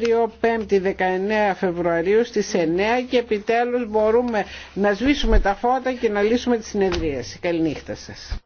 αύριο 5η 19 Φεβρουαρίου στις 9 και επιτέλους μπορούμε να σβήσουμε τα φώτα και να λύσουμε τη συνεδρίαση. Καληνύχτα σας.